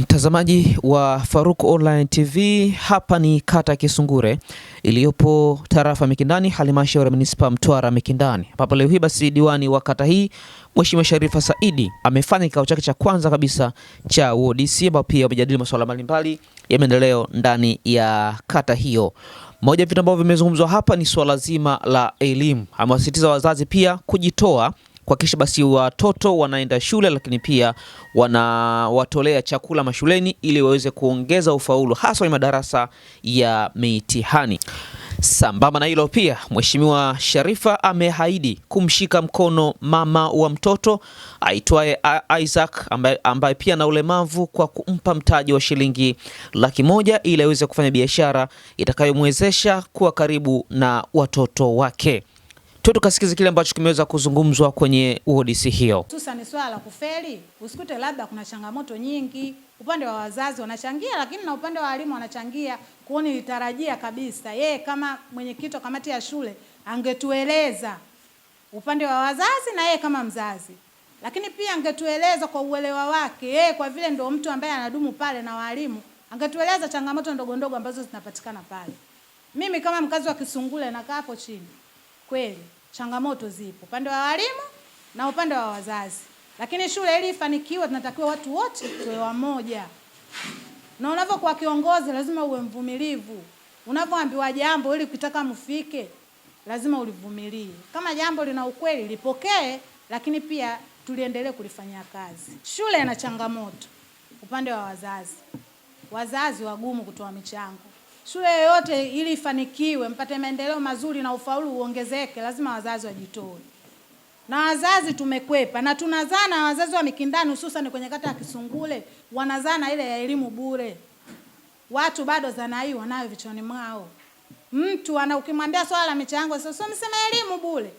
Mtazamaji wa Faruku Online TV, hapa ni kata ya Kisungure iliyopo tarafa Mikindani, halmashauri ya manispaa Mtwara Mikindani, ambapo leo hii basi diwani wa kata hii Mheshimiwa Sharifa Saidi amefanya kikao chake cha kwanza kabisa cha WDC, ambapo pia wamejadili masuala mbalimbali ya maendeleo ndani ya kata hiyo. Moja ya vitu ambavyo vimezungumzwa hapa ni suala zima la elimu, amewasisitiza wazazi pia kujitoa kuhakikisha basi watoto wanaenda shule, lakini pia wanawatolea chakula mashuleni ili waweze kuongeza ufaulu hasa kwenye madarasa ya mitihani. Sambamba na hilo pia, Mheshimiwa Sharifa ameahidi kumshika mkono mama wa mtoto aitwaye Isaac ambaye, ambaye pia na ulemavu kwa kumpa mtaji wa shilingi laki moja ili aweze kufanya biashara itakayomwezesha kuwa karibu na watoto wake tu tukasikiza kile ambacho kimeweza kuzungumzwa kwenye uhodisi hiyo. Hususani swala la kufeli, usikute labda kuna changamoto nyingi upande wa wazazi wanachangia, lakini na upande wa walimu wanachangia. Kwa nilitarajia kabisa yeye kama mwenyekiti wa kamati ya shule angetueleza upande wa wazazi na yeye kama mzazi, lakini pia angetueleza kwa uelewa wake yeye, kwa vile ndio mtu ambaye anadumu pale na walimu, angetueleza changamoto ndogo ndogo ambazo zinapatikana pale. Mimi kama mkazi wa Kisungule nakaa hapo chini Kweli changamoto zipo upande wa walimu na upande wa wazazi, lakini shule ili ifanikiwe, tunatakiwa watu wote tuwe wamoja, na unavyokuwa kiongozi lazima uwe mvumilivu. Unavyoambiwa jambo ili ukitaka mfike, lazima ulivumilie. Kama jambo lina ukweli lipokee, lakini pia tuliendelee kulifanyia kazi. Shule ina changamoto upande wa wazazi, wazazi wagumu kutoa michango shule yoyote ili ifanikiwe, mpate maendeleo mazuri na ufaulu uongezeke, lazima wazazi wajitoe, na wazazi tumekwepa na tunazana, wazazi wa Mikindani, hususan kwenye kata ya Kisungule, wanazana ile ya elimu bure. Watu bado zana hii wanayo vichwani mwao. Mtu ana ukimwambia swala la michango, sasa so, msema elimu bure,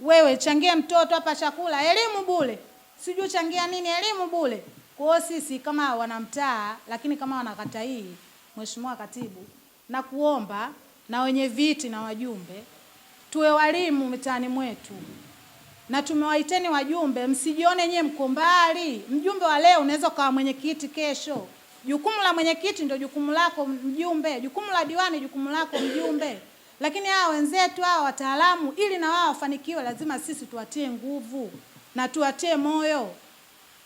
wewe changia mtoto hapa chakula, elimu bure, sijui changia nini, elimu bure. Kwa hiyo sisi kama wanamtaa, lakini kama wanakata hii Mheshimiwa Katibu, na kuomba na wenye viti na wajumbe tuwe walimu mitaani mwetu, na tumewaiteni wajumbe, msijione nyie mko mbali. Mjumbe wa leo unaweza ukawa mwenyekiti kesho. Jukumu la mwenyekiti ndio jukumu lako mjumbe, jukumu la diwani jukumu lako mjumbe, lakini hawa wenzetu hawa wataalamu, ili na wao wafanikiwe, lazima sisi tuwatie nguvu na tuwatie moyo.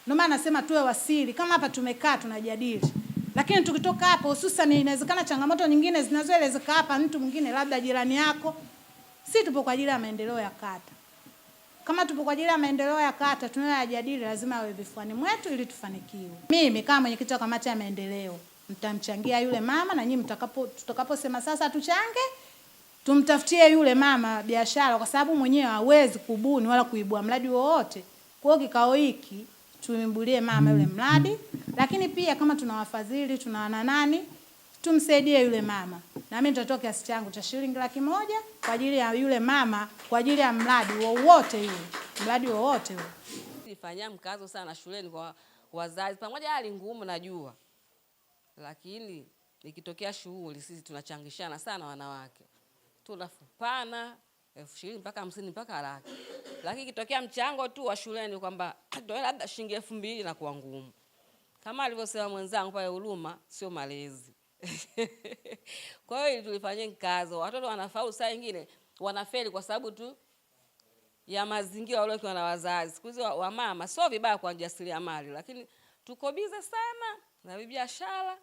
Ndio maana nasema tuwe wasiri, kama hapa tumekaa tunajadili lakini tukitoka hapo, hususan inawezekana changamoto nyingine zinazoelezeka hapa, mtu mwingine labda jirani yako. Si tupo kwa ajili ya maendeleo ya kata. Kama tupo kwa ajili ya maendeleo ya kata tunayoyajadili, lazima awe vifuani mwetu ili tufanikiwe. Mimi kama mwenyekiti wa kamati ya maendeleo mtamchangia yule mama, na nyinyi mtakapo tutakaposema sasa tuchange, tumtafutie yule mama biashara, kwa sababu mwenyewe hawezi kubuni wala kuibua mradi wowote. Kwa hiyo kikao hiki tuimbulie mama yule mm-hmm. mradi, lakini pia kama tuna wafadhili tunawana nani, tumsaidie yule mama, na mimi nitatoa kiasi changu cha shilingi laki moja kwa ajili ya yule mama, kwa ajili ya mradi wowote yule, mradi wowote yule. Nifanyia mkazo sana shuleni kwa wazazi, pamoja hali ngumu najua, lakini ikitokea shughuli sisi tunachangishana sana wanawake, tunafupana elfu ishirini mpaka hamsini mpaka laki, lakini kitokea mchango tu wa shuleni kwamba toe labda shilingi elfu mbili inakuwa ngumu. Kama alivyosema mwenzangu pale, huruma sio malezi. Kwa hiyo tulifanyia kazi, watoto wanafaulu, saa nyingine wanafeli kwa sababu tu ya mazingira waliokiwa na wazazi. Siku hizi wamama, sio vibaya kwa mali lakini tuko bize sana na biashara.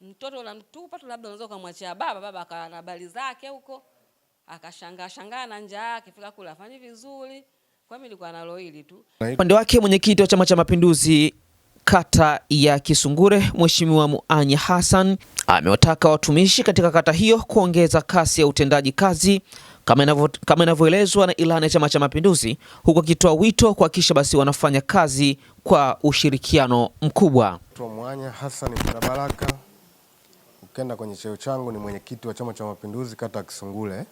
Mtoto unamtupa tu, labda unaweza ukamwachia baba, baba akawa na habari zake huko akashangaa shangaa na njaa, akifika kula afanye vizuri. Kwa mimi nilikuwa nalo hili tu. Upande wake mwenyekiti wa Chama cha Mapinduzi kata ya Kisungure Mheshimiwa Muanya Hassan amewataka watumishi katika kata hiyo kuongeza kasi ya utendaji kazi kama inavyoelezwa na ilani ya Chama cha Mapinduzi, huku akitoa wito kuhakikisha basi wanafanya kazi kwa ushirikiano mkubwa. Muanya Hassan mwana baraka, ukenda kwenye cheo changu ni mwenyekiti wa Chama cha Mapinduzi kata ya Kisungure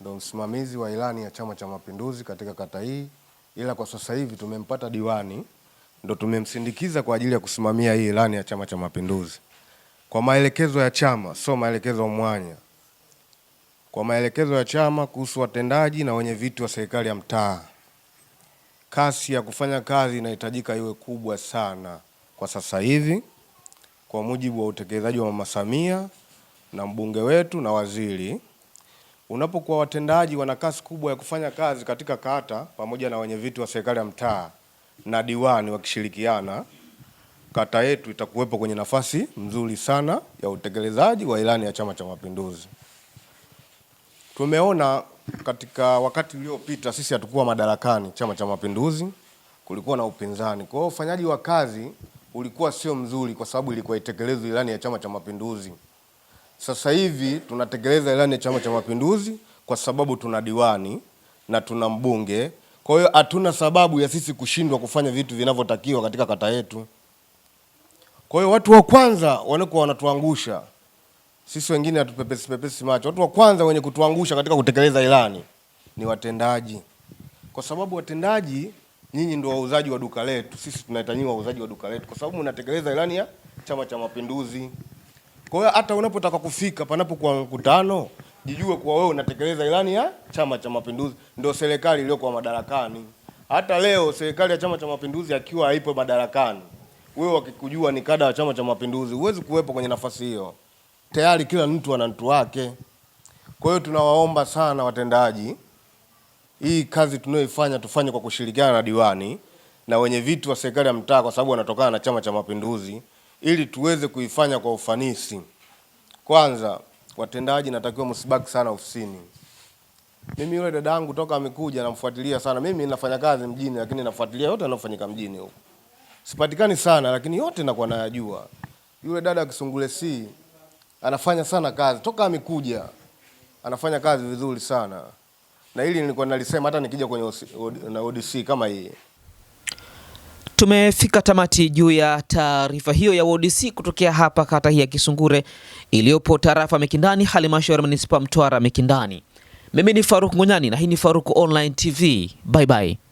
ndo msimamizi wa ilani ya Chama cha Mapinduzi katika kata hii, ila kwa sasa hivi tumempata diwani ndo tumemsindikiza kwa ajili ya kusimamia hii ilani ya Chama cha Mapinduzi kwa maelekezo ya chama, sio maelekezo mwanya, kwa maelekezo ya chama kuhusu watendaji na wenye viti wa serikali ya mtaa. Kasi ya kufanya kazi inahitajika iwe kubwa sana kwa sasa hivi, kwa mujibu wa utekelezaji wa Mama Samia na mbunge wetu na waziri unapokuwa watendaji wana kasi kubwa ya kufanya kazi katika kata pamoja na wenye viti wa serikali ya mtaa na diwani wakishirikiana, kata yetu itakuwepo kwenye nafasi nzuri sana ya utekelezaji wa ilani ya Chama cha Mapinduzi. Tumeona katika wakati uliopita, sisi hatukuwa madarakani, Chama cha Mapinduzi kulikuwa na upinzani, kwa hiyo ufanyaji wa kazi ulikuwa sio mzuri, kwa sababu ilikuwa itekelezwe ilani ya Chama cha Mapinduzi. Sasa hivi tunatekeleza ilani ya Chama cha Mapinduzi kwa sababu tuna diwani na tuna mbunge. Kwa hiyo hatuna sababu ya sisi kushindwa kufanya vitu vinavyotakiwa katika kata yetu. Kwa hiyo watu wa kwanza wanakuwa wanatuangusha sisi, wengine hatupepesi pepesi macho. Watu wa kwanza wenye kutuangusha katika kutekeleza ilani ni watendaji, kwa sababu watendaji nyinyi ndio wauzaji wa duka letu. Sisi tunahitaji wauzaji wa duka letu, kwa sababu mnatekeleza ilani ya Chama cha Mapinduzi. Kwa hiyo hata unapotaka kufika panapokuwa mkutano, jijue kuwa wewe unatekeleza ilani ya Chama cha Mapinduzi, ndio serikali iliyokuwa madarakani. Hata leo serikali ya Chama cha Mapinduzi akiwa haipo madarakani, wewe wakikujua ni kada wa Chama cha Mapinduzi, huwezi kuwepo kwenye nafasi hiyo. Tayari kila mtu ana mtu wake. Kwa hiyo tunawaomba sana watendaji, hii kazi tunayoifanya tufanye kwa kushirikiana na diwani na wenye viti wa serikali ya mtaa, kwa sababu wanatokana na Chama cha Mapinduzi ili tuweze kuifanya kwa ufanisi. Kwanza watendaji, natakiwa msibaki sana ofisini. Mimi yule dadangu toka amekuja namfuatilia sana. Mimi nafanya kazi mjini, lakini nafuatilia yote yanayofanyika mjini huko. Sipatikani sana, lakini yote nakuwa nayajua. Yule dada wa Kisungule C anafanya sana kazi toka amekuja, anafanya kazi vizuri sana, na hili nilikuwa nalisema hata nikija kwenye ODC kama hii Tumefika tamati juu ya taarifa hiyo ya WDC kutokea hapa kata hii ya Kisungure iliyopo tarafa Mikindani, halmashauri ya manispaa Mtwara Mikindani. Mimi ni Faruk Ngonyani na hii ni Faruk Online TV. Bye bye.